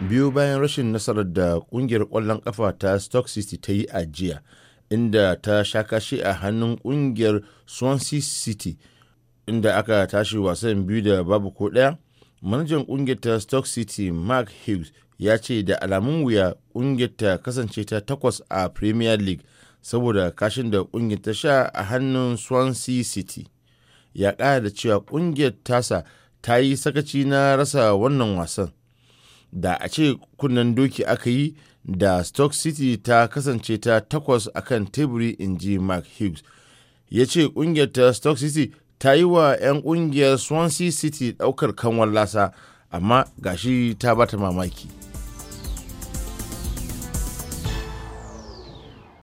biyu bayan rashin nasarar da kungiyar kwallon kafa ta stock city ta yi a jiya inda ta sha kashi a hannun kungiyar swansea city inda aka tashi wasan biyu da babu ko daya manajan kungiyar ta stock city mark hughes ya ce da alamun wuya kungiyar ta kasance ta takwas a premier league saboda kashin da kungiyar ta sha a hannun swansea city ya kara da cewa kungiyar tasa ta yi sakaci na rasa wannan wasan da a ce kunnen doki aka yi da stock city ta kasance ta takwas a kan teburi in ji mark hughes ya ce kungiyar ta stock city ta yi wa 'yan kungiyar swansea city daukar kanwan lasa amma gashi ta bata mamaki